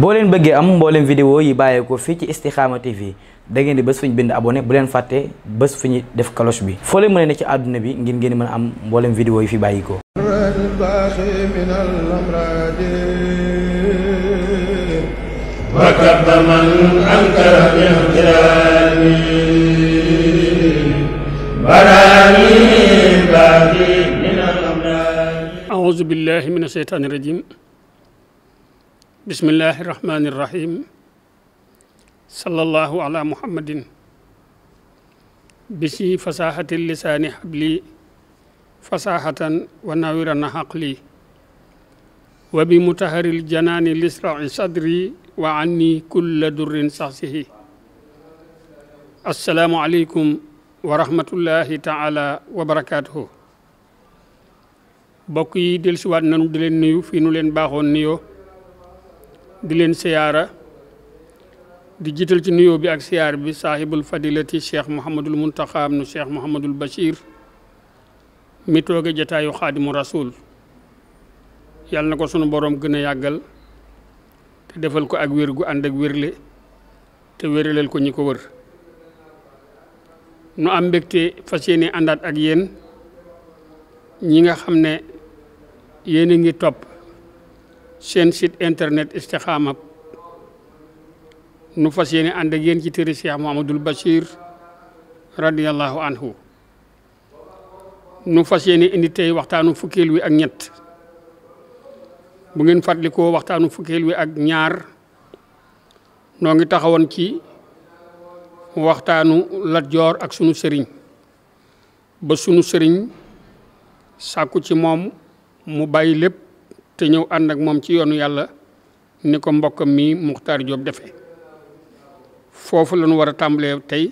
boo leen bëggee am mbooleem vidéo yi bàyyeekoo fii ci Istikhama TV da ngeen di bés fu bind abone bu leen fàtte bés fu def cloche bi foo leen mën a ne ci àdduna bi ngir ngeen mën a am mbooleem vidéo yi fi bàyyikoo aouzu billahi mina sheytaani rajim bismillahi irrahmani irrahim sallallahu ala muhammadin bisi fasahati lisaani habli fasahatan wa nawirana haqli wa bi mutaharil janaani lisrai sadri wa anni kulla durrin saxsihi assalaamu aleykum wa rahmatullahi taala wa barakatuhu bokk yi dellusiwaat nanu di leen nuyu fii nu leen baaxoon nuyoo di leen siyaara di jiital ci nuyoo bi ak siyaar bi saahibul fadilati cheikh Mouhamadul Muntaxa nu cheikh Mouhamadul Bachir mi tooge jataayu xaadimu rasul yàlla na ko sunu boroom gën a yàggal te defal ko ak wér gu ànd ak wérle te wéreleel ko ñi ko wër nu am mbégte fas yéene àndaat ak yéen ñi nga xam ne yéen ngi topp seen site internet Istikhama nu fas yéene ànd ak ci téere Cheikh Mouhamadoul Bachir radiyallahu anhu nu fas yéene indi tey waxtaanu fukkeel wi ak ñett bu ngeen fàttalikoo waxtaanu fukkeel wi ak ñaar noo ngi taxawoon ci waxtaanu Lat Joor ak sunu sëriñ ba sunu sëriñ sàkku ci moom mu bàyyi lépp te ñëw ànd ak moom ci yoonu yàlla ni ko mbokkam mi Muxtaar Joob defe foofu lañu war a tàmbalee tey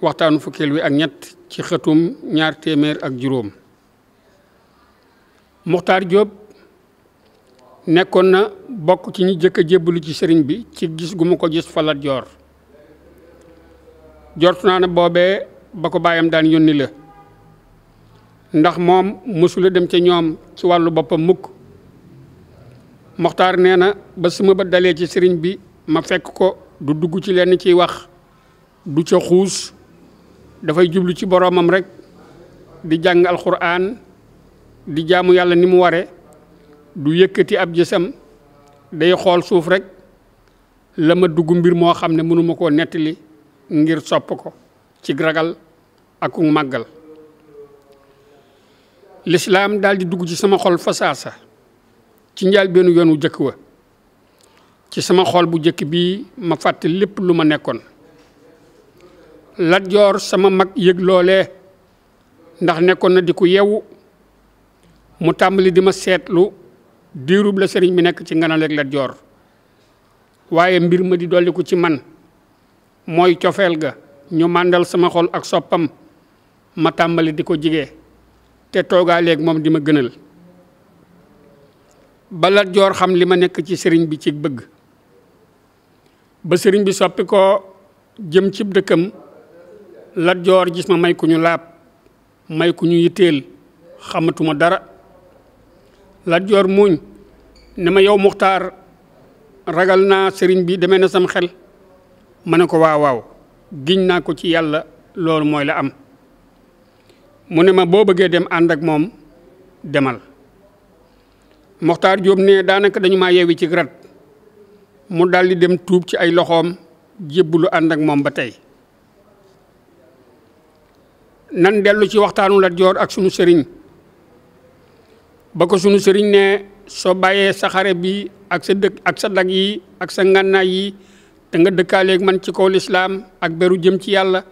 waxtaanu fukkeel wi ak ñett ci xëtum ñaar téeméer ak juróom Muxtaar Joob nekkoon na bokk ci ñu jëkk a jébbalu ci sëriñ bi ci gis gu mu ko gis falat joor jortu naa ne boobee ba ko baayam daan yónni la ndax moom mësula dem ca ñoom ci wàllu boppam mukk moxtaar nee na ba suma ba dalee ci sëriñ bi ma fekk ko du dugg ci lenn ciy wax du ca xuus dafay jublu ci boroomam rek di jàng alxuraan di jaamu yàlla ni mu ware du yëkkati ab jësam day xool suuf rek la ma dugg mbir moo xam ne mënuma koo nettali ngir sopp ko ci ragal ak màggal lislaam daal di dugg ci sama xol fasaasa ci njaal benn yoon wu jëkk wa ci sama xol bu jëkk bi ma fàtte lépp lu ma nekkoon Lat Joor sama mag yëg loolee ndax nekkoon na di ku yewu mu tàmbali di ma seetlu diirub la sëriñ bi nekk ci nganaleeg Lat Joor waaye mbir ma di dolliku ci man mooy cofeel ga ñu màndal sama xol ak soppam ma tàmbali di ko jige te toogaaleeg moom di ma gënal ba Lat Joor xam li ma nekk ci sëriñ bi ci bëgg ba sëriñ bi soppi ko jëm cib dëkkam Lat Joor gis ma may ku ñu laab may ku ñu yitteel xamatuma dara Lat Joor muuñ ne ma yow Muxtaar ragal naa sëriñ bi demee na sam xel ma ne ko waaw waaw giñ naa ko ci yàlla loolu mooy la am mu ne ma boo bëggee dem ànd ak moom demal Moxtaar jóom ne daanaka dañu maa yeewi ci rat mu daldi dem tuub ci ay loxoom jébbalu ànd ak moom ba tey nan dellu ci waxtaanu Lat Joor ak sunu sëriñ ba ko sunu sëriñ ne soo bàyyee sa xare bi ak sa dëkk ak sa dag yi ak sa ngànnaay yi te nga dëkkaaleeg man ci kaw lislaam ak beru jëm ci yàlla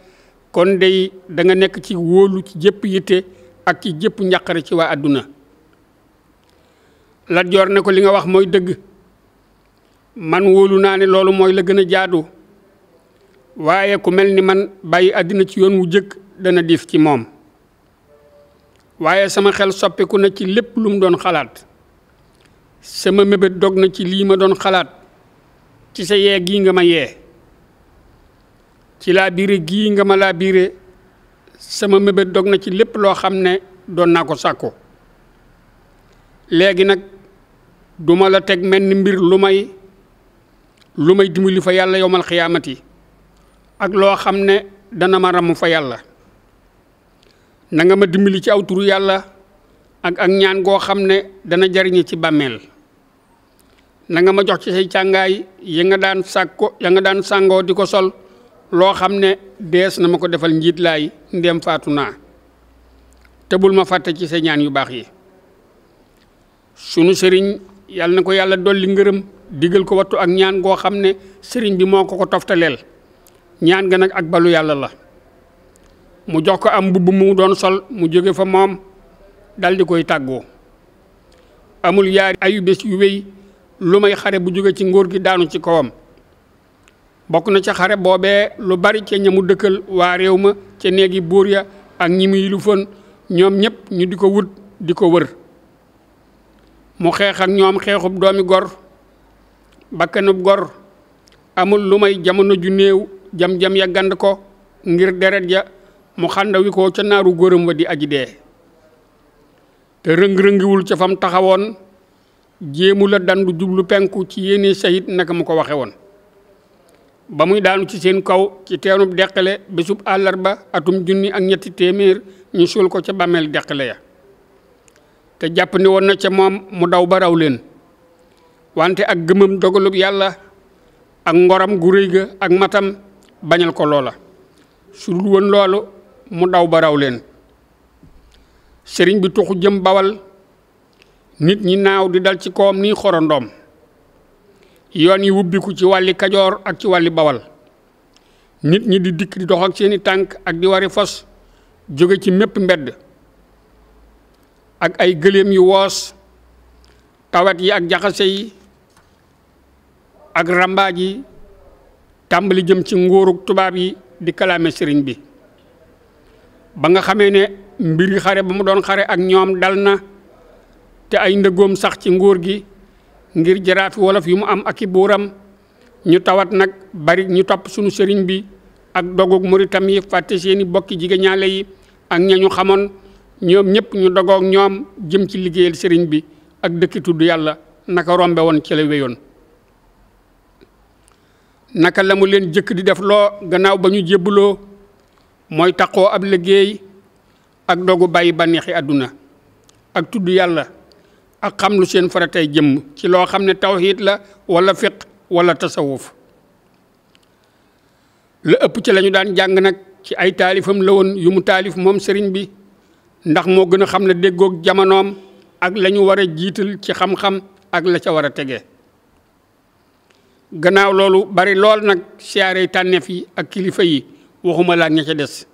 kon day danga nekk ci wóolu ci jëpp yitte ak ci jëpp njàqare ci waa àdduna Lat Joor ne ko li nga wax mooy dëgg man wóolu naa ne loolu mooy la gën a jaadu waaye ku mel ni man bàyyi àddina ci yoon wu jëkk dana diif ci moom waaye sama xel soppiku na ci lépp lu mu doon xalaat sama mébét dog na ci lii ma doon xalaat ci sa yee gii nga ma yee ci laa biire gii nga ma laa biire sama mébét dog na ci lépp loo xam ne doon naa ko sàkku léegi nag duma la teg mel ni mbir lu may lu may dimbali fa yàlla yowmal xiyaamati ak loo xam ne dana ma ram fa yàlla na ma dimbali ci aw turu yàlla ak ak ñaan goo xam ne dana jariñe ci bàmmeel nanga ma jox ci say càngaay ya nga daan sàkko ya daan sàngoo di ko sol loo xam ne dees na ma ko defal njiit laay ndéem faatu naa te bul ma fàtte ci say ñaan yu baax yi sunu sëriñ yàlla na ko yàlla dolli ngërëm digal ko wattu ak ñaan goo xam ne sëriñ bi moo ko ko toftaleel ñaan ga nag ak balu yàlla la mu jox ko am mbubb mu doon sol mu jóge fa moom daldi koy tàggoo amul yaari ayu bés yu wéy lu may xare bu jóge ci ngóor gi daanu ci kawam bokk na ca xare boobee lu bari ca ñamu dëkkal waa réew ma ca néegi buur ya ak ñi muy lu fën ñoom ñëpp ñu di ko wut di ko wër mu xeex ak ñoom xeexub doomi gor bakkanub gor amul lu may jamono ju jam-jam ya gand ko ngir deret ja mu xàndawi ko ca naaru góoram wa di aji dee te rëng-rëngiwul ca fam taxawoon jéemu la dandu jublu penku ci yéene sayit naka mu ko waxe woon ba muy daanu ci seen kaw ci teenub deqale bésub àllarba atum junni ak ñetti téeméer ñu suul ko ca bàmmeel deqale ya te jàpp ni woon na ca moom mu daw ba raw leen wante ak gëmëm dogalub yàlla ak ngoram gu réy ga ak matam bañal ko loola su dul woon loolu mu daw ba raw leen sëriñ bi tuxu jëm bawal nit ñi naaw di dal ci kawam ni xorondoom yoon yi wubbiku ci wàlli kajoor ak ci wàlli bawal nit ñi di dikk di dox ak seeni tànk ak di wari fos jóge ci mépp mbedd ak ay gëléem yu woos tawat yi ak jaxase yi ak rambaaj yi tàmbali jëm ci nguurug tubaab yi di kalaame sëriñ bi ba nga xamee ne mbiri xare ba mu doon xare ak ñoom dal na te ay ndëggoom sax ci nguur gi ngir jaraafi wolof yi mu am ak i buuram ñu tawat nag bari ñu topp sunu sëriñ bi ak dogug muritam yi fàtte seeni bokki jigéen yi ak ña xamoon ñoom ñëpp ñu dogook ñoom jëm ci liggéeyal sëriñ bi ak dëkki tudd yàlla naka rombe woon ci la wéyoon naka la mu leen jëkk di def loo gannaaw ba ñu jébbaloo mooy taxoo ab liggéey ak dogu bàyyi bànneexi àdduna ak tudd yàlla ak xam lu seen faratay jëm ci loo xam ne tawxiit la walla fiq walla tasawuf la ëpp ci lañu daan jàng nag ci ay taalifam la woon yu mu taalif moom sëriñ bi ndax moo gën a xam ne déggook jamonoom ak la ñu war a jiital ci xam-xam ak la ca war a tege gannaaw loolu bari lool nag siyaare tànneef yi ak kilifa yi waxuma laa ña ca des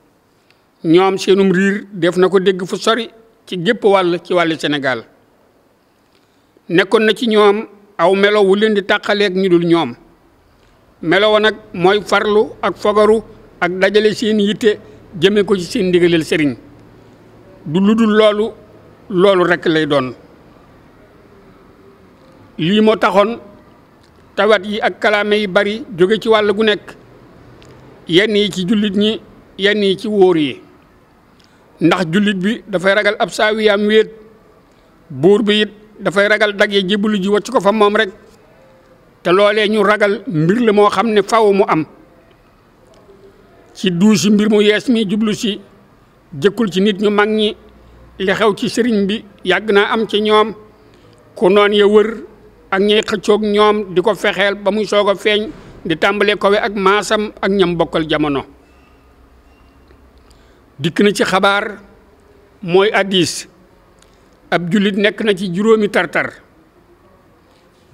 ñoom seenum riir def na ko dégg fu sori ci gépp wàll ci wàllu Sénégal nekkoon na ci ñoom aw melo wu leen di tàqaleeg ñu dul ñoom melo wa nag mooy farlu ak fogaru ak dajale seen yitte jëme ko ci seen ndigaleel sëriñ du lu dul loolu loolu rekk lay doon lii moo taxoon tawat yi ak kalaame yi bari jóge ci wàll gu nekk yenn yi ci jullit ñi yenn yi ci wóor yi ndax jullit bi dafay ragal ab saawiyaam wéet buur bi it dafay ragal dagg yi jébbalu ji wacc ko fa moom rek te loolee ñu ragal mbir la moo xam ne faw mu am ci duusi mbir mu yees mi jublu si jëkkul ci nit ñu mag ñi li ci sëriñ bi yàgg naa am ci ñoom ku noon ya wër ak ñay xëccoog ñoom di ko fexeel ba muy soog a feeñ di tàmbalee kowe ak maasam ak ñam bokkal jamono dikk na ci xabaar mooy addis ab jullit nekk na ci juróomi tartar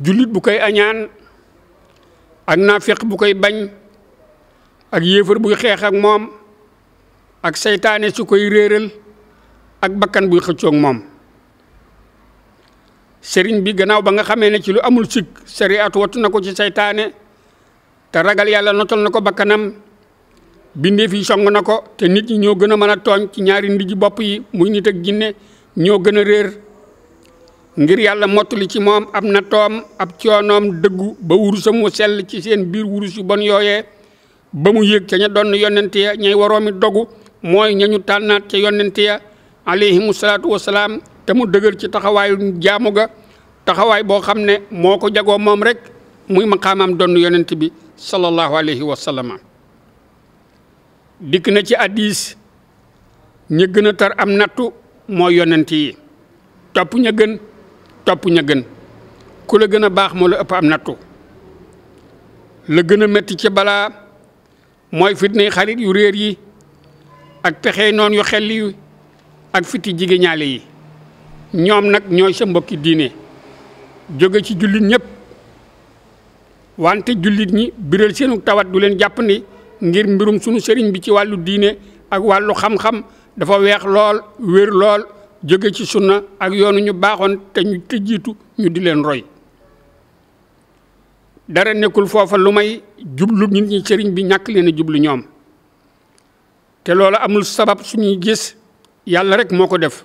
jullit bu koy añaan ak naafiq bu koy bañ ak yéefar buy xeex moom ak seytaane su koy réeral ak bakkan buy xëccook moom sëriñ bi gannaaw ba nga xamee ne ci lu amul sikk sariat wattu na ko ci seytaane te ragal yàlla notal na ko bakkanam bindeef yi song na ko te nit ñi ñoo gën a mën a tooñ ci ñaari ndigi bopp yi muy nit ak ginne ñoo gën a réer ngir yàlla mottali ci moom ab nattoom ab coonoom dëggu ba wurusam mu sell ci seen biir wurus yu bon yooyee ba mu yéeg ca ña doon yonent ya ñay waroomi dogu mooy ñañu tànnaat ca yonent ya alayhimu salaatu salaam te mu dëgër ci taxawaayu jaamu ga taxawaay boo xam ne moo ko jagoo moom rek muy maqaamam donn yonent bi sallallahu alayhi wa sallam dikk na ci addis ñi gën a tar am nattu mooy yonent yi topp ña gën topp ña gën ku la gën a baax moo la ëpp am nattu la gën a metti ci balaa mooy fitnay xarit yu réer yi ak pexey noonu yu xel yi ak fiti jigéñaale yi ñoom nag ñooy sa mbokki diine jóge ci jullit ñépp wante jullit ñi biral seenu tawat du leen jàpp ni ngir mbirum sunu sëriñ bi ci wàllu diine ak wàllu xam-xam dafa weex lool wér lool jóge ci sunna ak yoonu ñu baaxoon te ñu tëjjiitu ñu di leen roy dara nekkul foofa lu may jublu nit ñi sëriñ bi ñàkk leen a jublu ñoom te loolu amul sabab suñuy gis yàlla rek moo ko def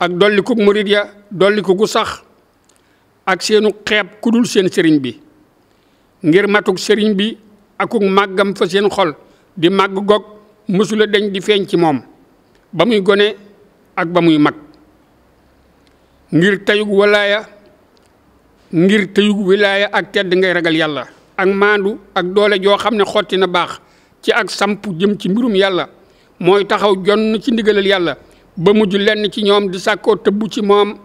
ak dolliku murit ya dolliku gu sax ak seenu xeeb ku dul seen sëriñ bi ngir matuk sëriñ bi akuk màggam fa seen xol di màgg gog mësula deñ di feeñ ci moom ba muy gone ak ba muy mag ngir teyug walaaya ngir teyug wilaaya ak tedd ngay ragal yàlla ak maandu ak doole joo xam ne xotti na baax ci ak samp jëm ci mbirum yàlla mooy taxaw jonn ci ndigalal yàlla ba mujj lenn ci ñoom di sàkkoo tëbb ci moom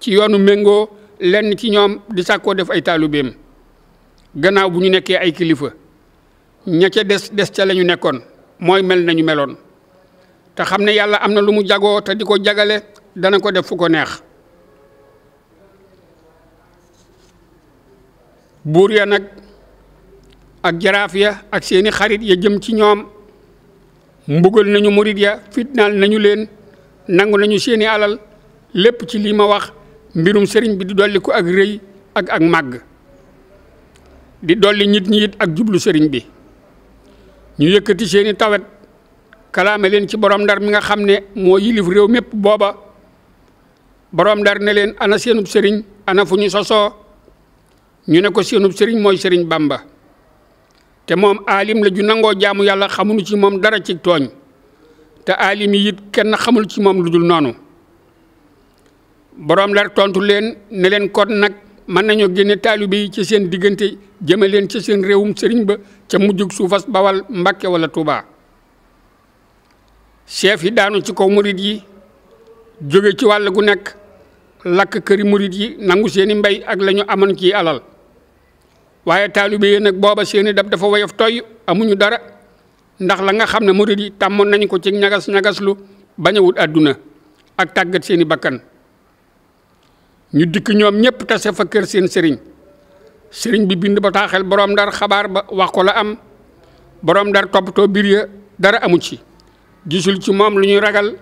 ci yoonu méngoo lenn ci ñoom di sàkkoo def ay taalubeem gannaaw bu ñu nekkee ay kilifa ña ca des des ca la ñu nekkoon mooy mel nañu meloon te xam ne yàlla am na lu mu jagoo te di ko jagale dana ko def fu ko neex buur ya nag ak jaraaf ya ak seeni xarit ya jëm ci ñoom mbugal nañu murit ya fitnaal nañu leen nangu nañu seeni alal lépp ci lii ma wax mbirum sëriñ bi di dolli ko ak rëy ak ak màgg di dolli nit ñiit ak jublu sëriñ bi ñu yëkkati seeni tawet kalaame leen ci borom ndar mi nga xam ne moo yilif réew mépp booba borom ndar ne leen ana seenub sëriñ ana fu ñu sosoo ñu ne ko seenub sëriñ mooy sëriñ Bamba te moom aalim la ju nangoo jaamu yàlla xamuñu ci moom dara ci tooñ te aalim yi it kenn xamul ci moom lu jul noonu boroom Ndar tontu leen ne leen kon nag mën nañoo génne taalibe yi ci seen diggante jëme leen ca seen réewum sëriñ ba ca mujjug suufas wal Mbàkke wala Tuubaa chef yi daanu ci kaw murit yi jóge ci wàll gu nekk lakk këri murit yi nangu seeni mbay ak lañu amoon ci alal waaye taalibe yi nag booba seeni dab dafa woyof toy amuñu dara ndax la nga xam ne murid yi tàmmoon nañu ko ci ñagas ñagaslu bañ a àdduna ak tàggat seeni bakkan ñu dikk ñoom ñëpp tase fa kër seen sëriñ sëriñ bi bind ba bataaxel boroom ndar xabaar ba wax ko la am borom ndar toppatoo biir ya dara amu ci gisul ci moom lu ñuy ragal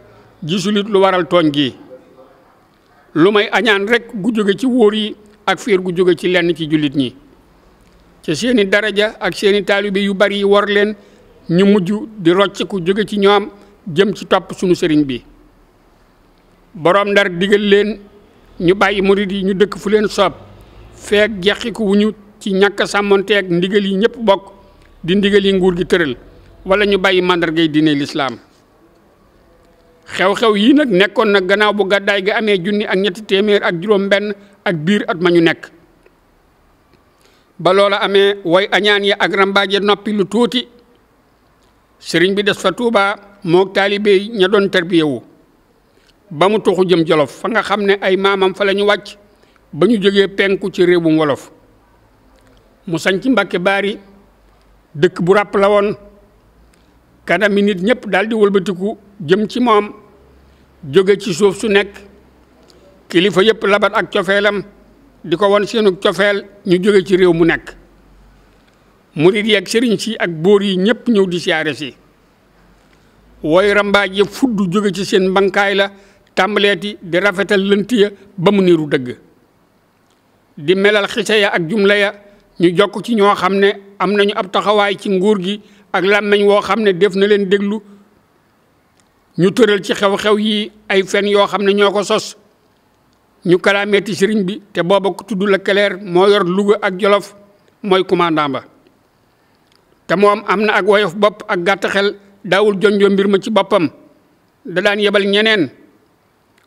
gisul it lu waral tooñ gi lu may añaan rek gu jóge ci wóor yi ak fiir gu jóge ci lenn ci jullit ñi ca seen i daraja ak seen i taalibe yu bari yi war leen ñu mujj di rocciku jóge ci ñoom jëm ci topp sunu sëriñ bi boroom ndar digal leen ñu bàyyi murit yi ñu dëkk fu leen soob feek jexiku wuñu ci ñàkk a ndigal yi ñëpp bokk di ndigal yi nguur gi tëral wala ñu bàyyi màndargay diine lislaam xew-xew yii nag nekkoon na gannaaw bu gàddaay gi amee junni ak ñetti téeméer ak juróom benn ak biir at ma ñu nekk ba loola amee woy añaan yi ak rambaaje noppi lu tuuti sëriñ bi des fa Touba moog taalibe ña doon tarbiyewu ba mu tuxu jëm Jolof fa nga xam ne ay maamam fa la ñu wàcc ba ñu jógee penku ci réewum wolof mu sañ ci Mbàkke Baari dëkk bu ràpp la woon kanami nit ñëpp daal di wëlbatiku jëm ci moom jóge ci suuf su nekk kilifa yëpp labat ak cofeelam di ko won seenu cofeel ñu jóge ci réew mu nekk murit yi ak sëriñ si ak bóor yi ñépp ñëw di siyaare si wooy rambaaj ya fudd jóge ci seen mbankaay la tàmbaleeti di rafetal lënt ya ba mu niru dëgg di melal xise ya ak jumla ya ñu jokk ci ñoo xam ne am nañu ab taxawaay ci nguur gi ak làmmiñ woo xam ne def na leen déglu ñu tëral ci xew-xew yi ay fen yoo xam ne ñoo ko sos ñu kalaameeti sëriñ bi te booba ku tudd la keleer moo yor Louga ak Jolof mooy commandant ba te moom am na ak woyof bopp ak gàtt xel daawul jonjoo mbir ma ci boppam da daan yebal ñeneen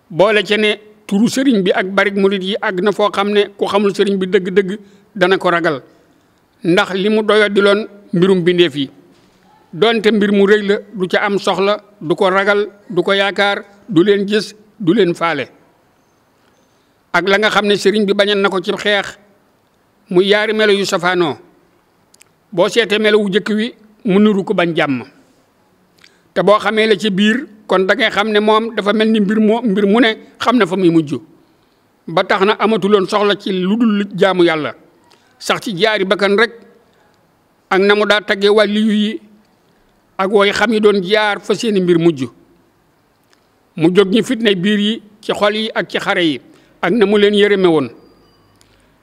boole ca ne turu sëriñ bi ak barik murit yi àgg na foo xam ne ku xamul sëriñ bi dëgg-dëgg dana ko ragal ndax li mu doyo di loon mbirum bindeef yi doonte mbir mu rëy la du ca am soxla du ko ragal du ko yaakaar du leen gis du leen faale ak la nga xam ne sëriñ bi bañal na ko ci xeex mu yaari melo yu safaanoo boo seetee melo wu njëkk wi mu nuru ko bañ jàmm te boo xamee la ci biir kon da xam ne moom dafa mel ni mbir moo mbir mu ne xam na fa muy mujj ba tax na amatuloon soxla ci lu jaamu yàlla sax ci jaari bakkan rek ak na mu daa tagge wàlliyu yi ak wooy xam yi doon jaar fa seeni mbir mujj mu jóg ñi fitna biir yi ci xol yi ak ci xare yi ak na mu leen yërëme woon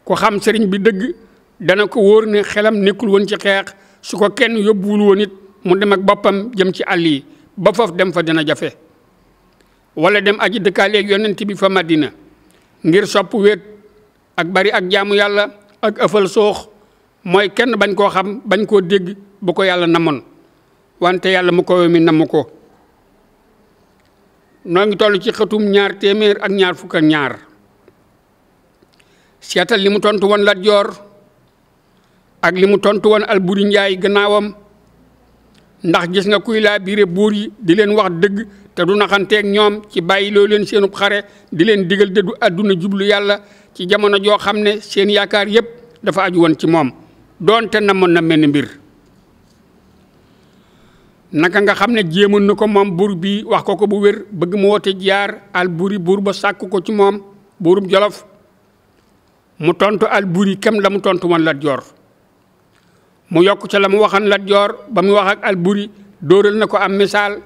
ku xam sëriñ bi dëgg dana ko wóor ne xelam nekkul woon ci xeex su ko kenn yóbbuwul woon it mu dem ak boppam jëm ci àll yi ba foofu dem fa dina jafe wala dem aji dëkkaaleeg yonent bi fa maddina ngir sopp wéet ak bari ak jaamu yàlla ak ëffal soox mooy kenn bañ koo xam bañ koo dégg bu ko yàlla namoon wante yàlla mu ko mi namu ko noo ngi toll ci xëtum ñaar téeméer ak ñaar fukk ñaar seetal li mu tontu woon Lat Joor ak li mu tontu woon Alburi Njaay gannaawam ndax gis nga kuy laa biire buur yi di leen wax dëgg te du naxanteeg ñoom ci bàyyi loo leen seenub xare di leen digal dëddu àdduna jublu yàlla ci jamono joo xam ne seen yaakaar yépp dafa aju woon ci moom doonte namoon na mel ni mbir naka nga xam ne jéemoon na ko moom buur bi wax ko ko bu wér bëgg mu woote jaar Alburi buur ba sàkk ko ci moom buurub Jolof mu tontu al alburi kem la mu tontu woon Lat Joor mu yokk ca la mu waxan Lat Joor ba mu wax ak alburi dooral na ko am misaal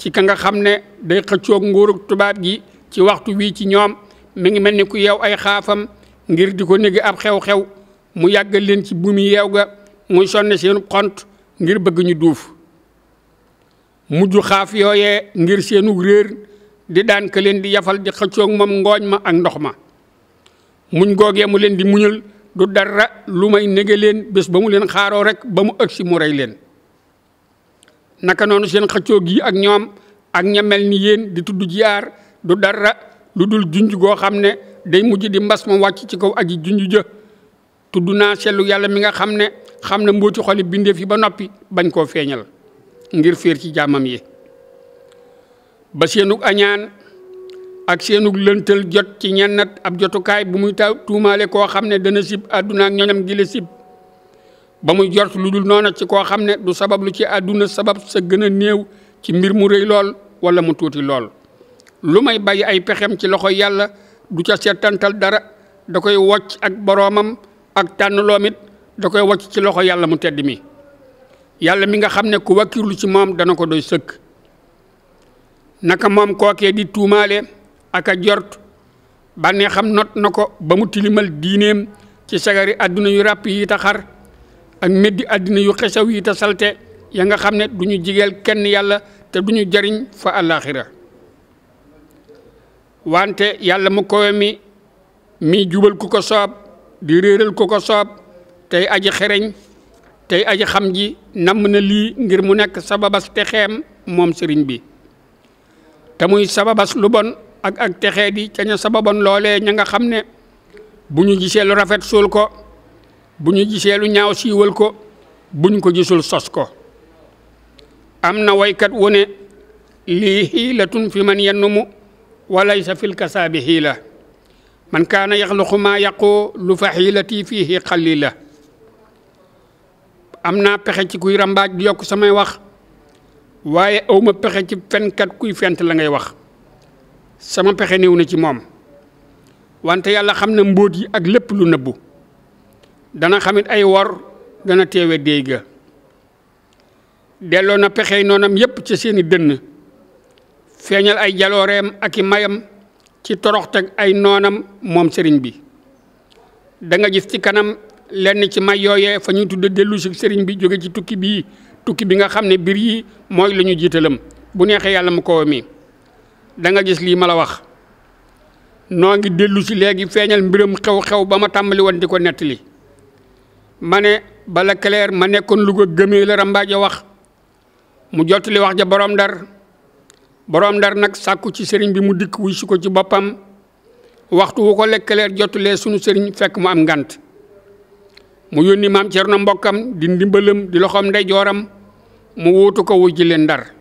ci ka nga xam ne day xëccoog nguurug tubaab gi ci waxtu wii ci ñoom mi ngi mel ni ku yeew ay xaafam ngir di ko négi ab xew-xew mu yàggal leen ci buumi yeew ga muy sonne seen xont ngir bëgg ñu duuf mujj xaaf yooye ngir seenu réer di daan ka leen di yafal di xëccoog moom ngooñ ma ak ndox ma muñ googee mu leen di muñul du dara lu may nege leen bés ba mu leen xaaroo rek ba mu ëgsi mu rey leen naka noonu seen xëccoo gi ak ñoom ak ñamel ni yéen di tudd jiyaar du dara lu dul junj goo xam ne day mujj di mbas ma wàcc ci kaw aji junj jë tudd naa sellu yàlla mi nga xam ne xam ne mbóoti xoli bindee fi ba noppi bañ koo feeñal ngir fiir ci jaamam yi ba seenug añaan ak seenug lëntal jot ci ñennat ab jotukaay bu muy taw tuumaale koo xam ne dana sib àdduna ak ñoñam gi sib ba muy jort lu dul noona ci koo xam ne du sabab lu ci àdduna sabab sa gën a néew ci mbir mu rëy lool wala mu tuuti lool lu may bàyyi ay pexem ci loxo yàlla du ca seetantal dara da koy wocc ak boroomam ak tànn da koy wocc ci loxo yàlla mu tedd mi yàlla mi nga xam ne ku wakkirlu ci moom dana ko doy sëkk naka moom kookee di tuumaale ak a jort bànneexam not na ko ba mu tilimal diineem ci sagari àdduna yu ràpp yi ta xar ak meddi àdduna yu xesaw yi ta salte ya nga xam ne du ñu jigeel kenn yàlla te du ñu jariñ fa àllaaxira wante yàlla mu kowe mi mi jubal ku ko soob di réeral ku ko soob tey aji xereñ tey aji xam ji namm na lii ngir mu nekk sababas texeem moom sëriñ bi te sababas lu bon ak ak texee di ca ña sababan loolee ña nga xam ne bu ñu gisee lu rafet suul ko bu ñu gisee lu ñaaw siiwal ko buñ ko gisul sos ko am na waykat wu ne lii xiilatun fi man yennumu walaysa fil kasaabi xiila man kaana yaxluqu maa yàqu lu fa fii xiilati fiihi la am naa pexe ci kuy rambaaj di yokk samay wax waaye awma pexe ci fenkat kuy fent la ngay wax sama pexe néew na ci moom wante yàlla xam na mbóot yi ak lépp lu nëbbu dana xamit ay wor dana teewe déy ga delloo na pexey noonam yépp ci seeni dënn feeñal ay jalooreem ak i mayam ci toroxteg ay noonam moom sëriñ bi danga gis ci kanam lenn ci may yooyee fa ñu tudd dellu si sëriñ bi jóge ci tukki bii tukki bi nga xam ne biir yi mooy la ñu jiitalam bu neexee yàlla mu kowa mi da nga gis lii ma la wax noo ngi dellu si léegi feeñal mbiram xew-xew ba ma tàmbali woon di ko nettali ma ne bala clair ma nekkoon Louga gëmee la rambaaja wax mu jottali wax ja boroom ndar boroom ndar nag sàkku ci sëriñ bi mu dikk wuy si ko ci boppam waxtu wu ko lekkaleer jotulee sunu sëriñ fekk mu am ngant mu yónni maam Cerno mbokkam di ndimbalam di loxoom ndeyjooram mu wuutu ko wuj ji leen ndar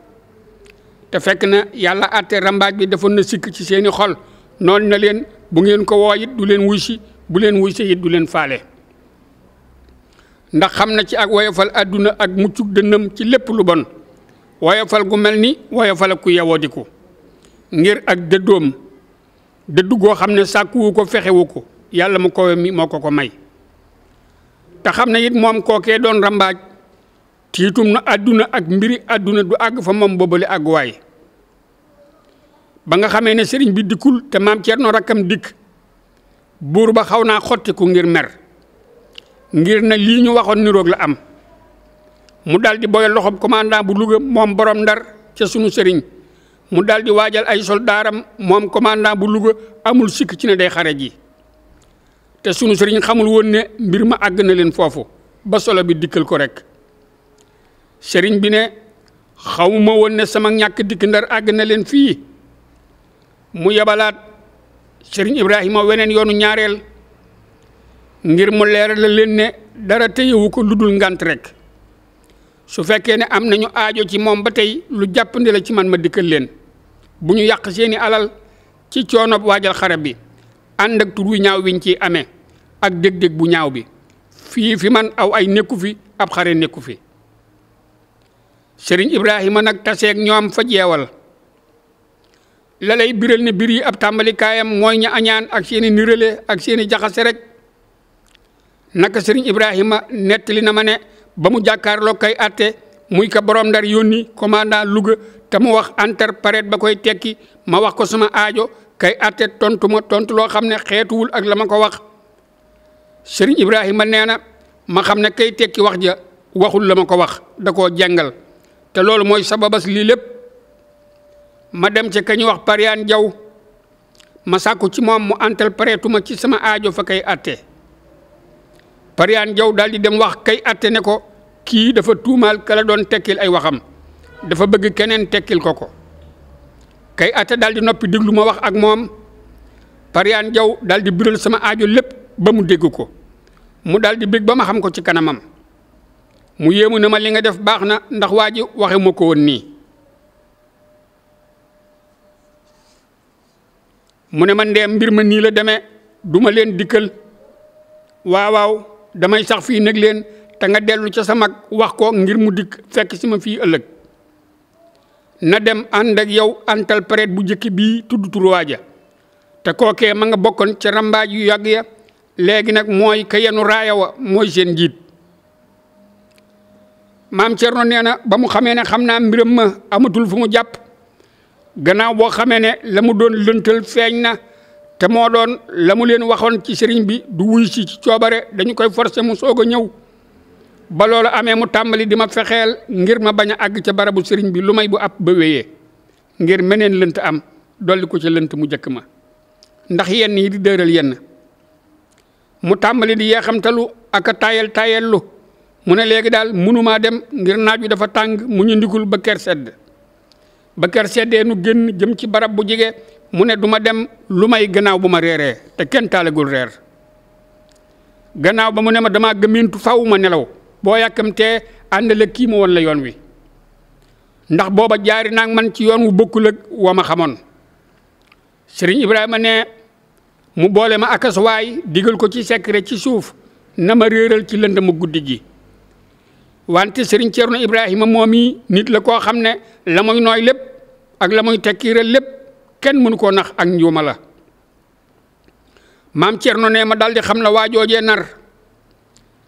te fekk na yàlla àtte rambaaj bi defoon na sikk ci seeni xol noonu na leen bu ngeen ko wooyit it du leen wuy si bu leen wuy si it du leen faale ndax xam na ci ak woyofal àdduna ak muccuk dënnam ci lépp lu bon woyofal gu mel ni woyofal ak ku yewoodiku ngir ak dëddoom dëddu goo xam ne sàkkuwu ko fexewu ko yàlla mu kowe mi moo ko ko may te xam na yit moom kookee doon rambaaj tiitum na àdduna ak mbiri àdduna du àgg fa moom boobale àgguwaay ba nga xamee ne sëriñ bi dikkul te maam Cerno rakkam dikk buur ba xaw naa xottiku ngir mer ngir na lii ñu waxoon niroog la am mu daldi di boyal loxoom commandant bu Louga moom borom ndar ca sunu sëriñ mu daldi waajal ay soldaaram moom commandant bu Louga amul sikk ci ne day xare ji te sunu sëriñ xamul woon ne mbir ma àgg na leen foofu ba solo bi dikkal ko rek sëriñ bi ne xawma woon ne sama ñàkk dikk ndar àgg na leen fii mu yabalaat sëriñ Ibrahima weneen yoonu ñaareel ngir mu leeral leen ne dara téyewu ko lu dul ngant rek su fekkee ne am nañu aajo ci moom ba tey lu jàppandi la ci man ma dikkal leen bu ñu yàq seeni alal ci coonob waajal xare bi ànd ak tur wi ñaaw wiñ ci amee ak dég-dég bu ñaaw bi fii fi man aw ay nekku fi ab xare nekku fi sëriñ Ibrahima nag taseeg ñoom fa jeewal la lay biral ne bir yi ab tàmbalikaayam mooy ña añaan ak seeni nirale ak seeni jaxase rek naka sëriñ Ibrahima nettali na ma ne ba mu jàkkaarloo kay atte muy ka borom ndar yónni commandant Louga te wax antar paret ba koy tekki ma wax ko sama aajo kay atte tontu ma tontu loo xam ne xeetuwul ak la ma ko wax sëriñ Ibrahima nee na ma xam ne kay tekki wax ja waxul la ma ko wax da koo jàngal te loolu mooy sababas lii lépp. ma dem ca ka ñu wax Pariane Jaw ma sàkku ci moom mu interprète pareetuma ci sama aajo fa kay atte Pariane Jaw daal di dem wax kay atte ne ko kii dafa tuumaal kala doon tekkil ay waxam dafa bëgg keneen tekkil ko ko kay atte daal di noppi déglu ma wax ak moom Pariane Jaw daal di biral sama aajo lépp ba mu dégg ko mu dal di bég ba ma xam ko ci kanamam mu yéemu ne ma li nga def baax na ndax waa ji waxe ma ko woon nii mu ne man de mbir ma nii la demee du leen dikkal waaw damay sax fii nag leen te nga dellu ca sa wax ko ngir mu dikk fekk si ma fii ëllëg na dem ànd ak yow antal paret bu njëkk bii tudd turuwaaja te kookee ma nga bokkoon ca rambaaj yu yàgg ya léegi nag mooy ka yenu raaya mooy seen njiit maam Cerno nee na ba mu xamee ne xam naa mbiram ma amatul fu mu jàpp gannaaw boo xamee ne la mu doon lëntal feeñ na te moo doon la mu leen waxoon ci sëriñ bi du wuy si ci coobare dañu koy forcé mu soog a ñëw ba loolu amee mu tàmbali di ma fexeel ngir ma bañ a àgg ca barabu sëriñ bi lu may bu ab ba wéyee ngir meneen lënt am dolli ko ci lënt mu njëkk ma ndax yenn yi di dëral yenn mu tàmbali di yeexamtalu ak a taayal taayallu mu ne léegi daal mënumaa dem ngir naaj wi dafa tàng mu ñu ndigul ba ker sedd ba ker seddee nu génn jëm ci barab bu jege mu ne duma dem lu may gannaaw bu ma reeree te kenn taalegul reer gannaaw ba mu ne ma dama gëmintu faw ma nelaw boo yàkkamtee àndale kii ma woon la yoon wi ndax booba jaari naag man ci yoon wu bokkul ak wa ma xamoon sëriñ Ibrahima ne mu boole ma akas waay digal ko ci secret ci suuf na ma réeral ci lënd ma guddi gi wante sëriñ na Ibrahima moom yi nit la koo xam ne la muy nooy lépp ak la muy tekkiiral lépp kenn mënu koo nax ak njuuma la maam Cerno nee ma daldi xam na waa joojee nar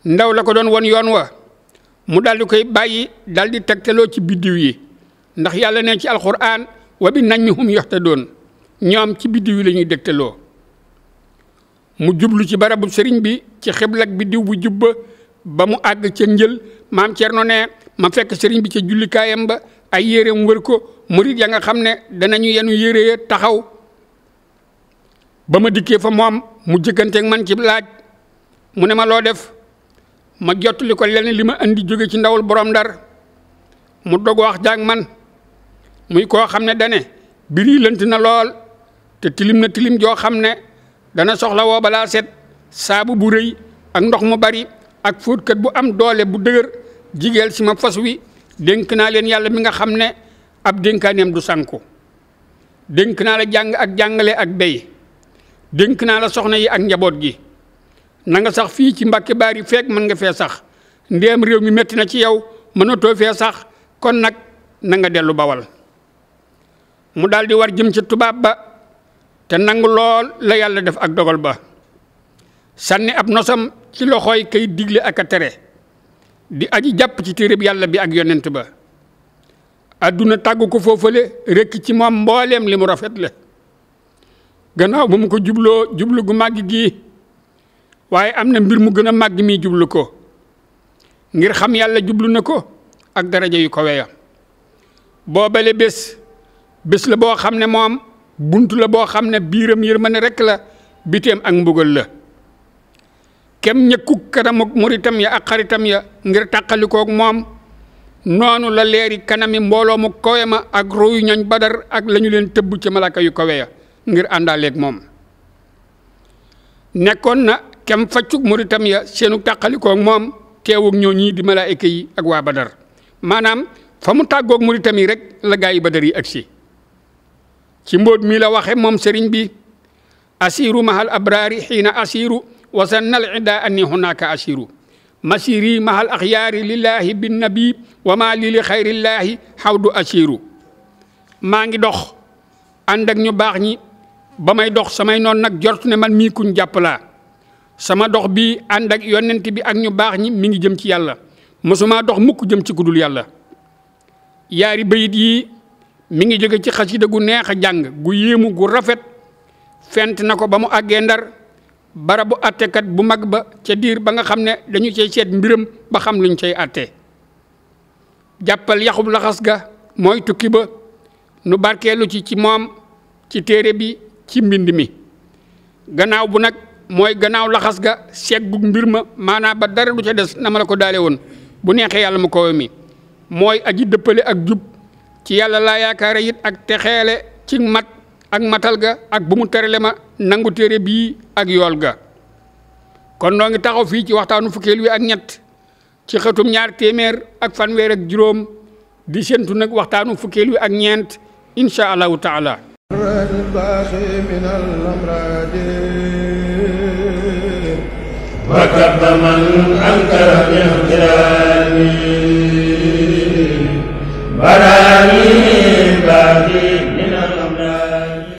ndaw la ko doon won yoon wa mu daldi koy bàyyi daldi tegtaloo ci biddiw yi ndax yàlla ne ci alxuraan wa bi najmihum yuhtadoon ñoom ci biddiw yi lañuy ñuy mu jublu ci barabu sëriñ bi ci xiblag biddiw bu jubba ba mu àgg ca njël maam Cerno ne ma fekk sëriñ bi ca jullikaayam ba ay yére mu wër ko murit ya nga xam ne danañu yenu yére taxaw ba ma dikkee fa moom mu jëkkanteeg man ci laaj mu ne ma loo def ma jottali ko leneen li ma andi jóge ci ndawul borom ndar mu dog wax jaag man muy koo xam ne dane biir yi na lool te tilim na tilim joo xam ne dana soxla woo balaa set saabu bu rëy ak ndox mu bari ak fóotkat bu am doole bu dëgër jigéel si ma fas wi dénk naa leen yàlla mi nga xam ne ab dénkaaneem du sanku dénk naa la jàng ak jàngale ak bay dénk naa la soxna yi ak njaboot gi na nga sax fii ci Mbàkke Baari feek mën nga fee sax ndéem réew mi metti na ci yow mënatoo fee sax kon nag nanga dellu bawal mu daldi war jëm ci tubaab ba te nangu lool la yàlla def ak dogal ba sànni ab nosam ci loxooy kayit digle ak a tere di aji jàpp ci téereb yàlla bi ak yonent ba adduna tàgg ko foofale rekk ci moom mbooleem li mu rafet la gannaaw ba mu ko jubloo jublu gu màgg gii waaye am na mbir mu gën a màgg mi jublu ko ngir xam yàlla jublu na ko ak daraja yu ko weya boobale bés bés la boo xam ne moom bunt la boo xam ne biiram yërmande rekk la biteem ak mbugal la kem ñëkkuk kanamuk muritam ya ak xaritam ya ngir tàqalikook moom noonu la leeri kanami mbooloo mu kawe ma ak ruyu ñoñ badar ak lañu leen tëbb ci malaka yu kawe ya ngir àndaaleeg moom nekkoon na kem faccuk muritam ya seenu tàqalikook moom teewuk ñoo ñii di malaayika yi ak waa badar maanaam fa mu tàggook muritam yi rek la gaa yi badar yi agsi ci mbóot mi la waxe moom sëriñ bi asiiru mahal abraari xiina asiiru وسن العدا أني هناك أسير مسيري مع الأخيار لله بالنبي وما لي لخير الله حود أسير maa ngi dox ànd ak ñu baax ñi ba may dox samay noon nag jortu ne man mii kuñ jàpp sama dox bi ànd ak yonent bi ak ñu baax ñi mi ngi jëm ci yàlla mosuma dox mukk jëm ci kudul yàlla yaari bayit yi mi ngi jóge ci xasida gu neex a jàng gu yéemu gu rafet fent na ko ba mu àggee ndar barabu àttekat bu mag ba ca diir ba nga xam ne dañu cay seet mbiram ba xam luñ cay àtte jàppal yaxub laxas ga mooy tukki ba nu barkeelu ci ci moom ci téere bi ci mbind mi gannaaw bu nag mooy gannaaw laxas ga seggug mbir ma maanaam ba dara du ca des na ma la ko daale woon bu neexee yàlla mu ko mi mooy aji dëppale ak jub ci yàlla laa yaakaare it ak texeele ci mat ak matal ga ak bu mu terale ma nangu téere bii ak yool ga kon noo ngi taxaw fii ci waxtaanu fukkeel wi ak ñett ci xëtum ñaar téeméer ak fanweer ak juróom di séntu nag waxtaanu fukkeel wi ak ñeent incha allahu taala وكب من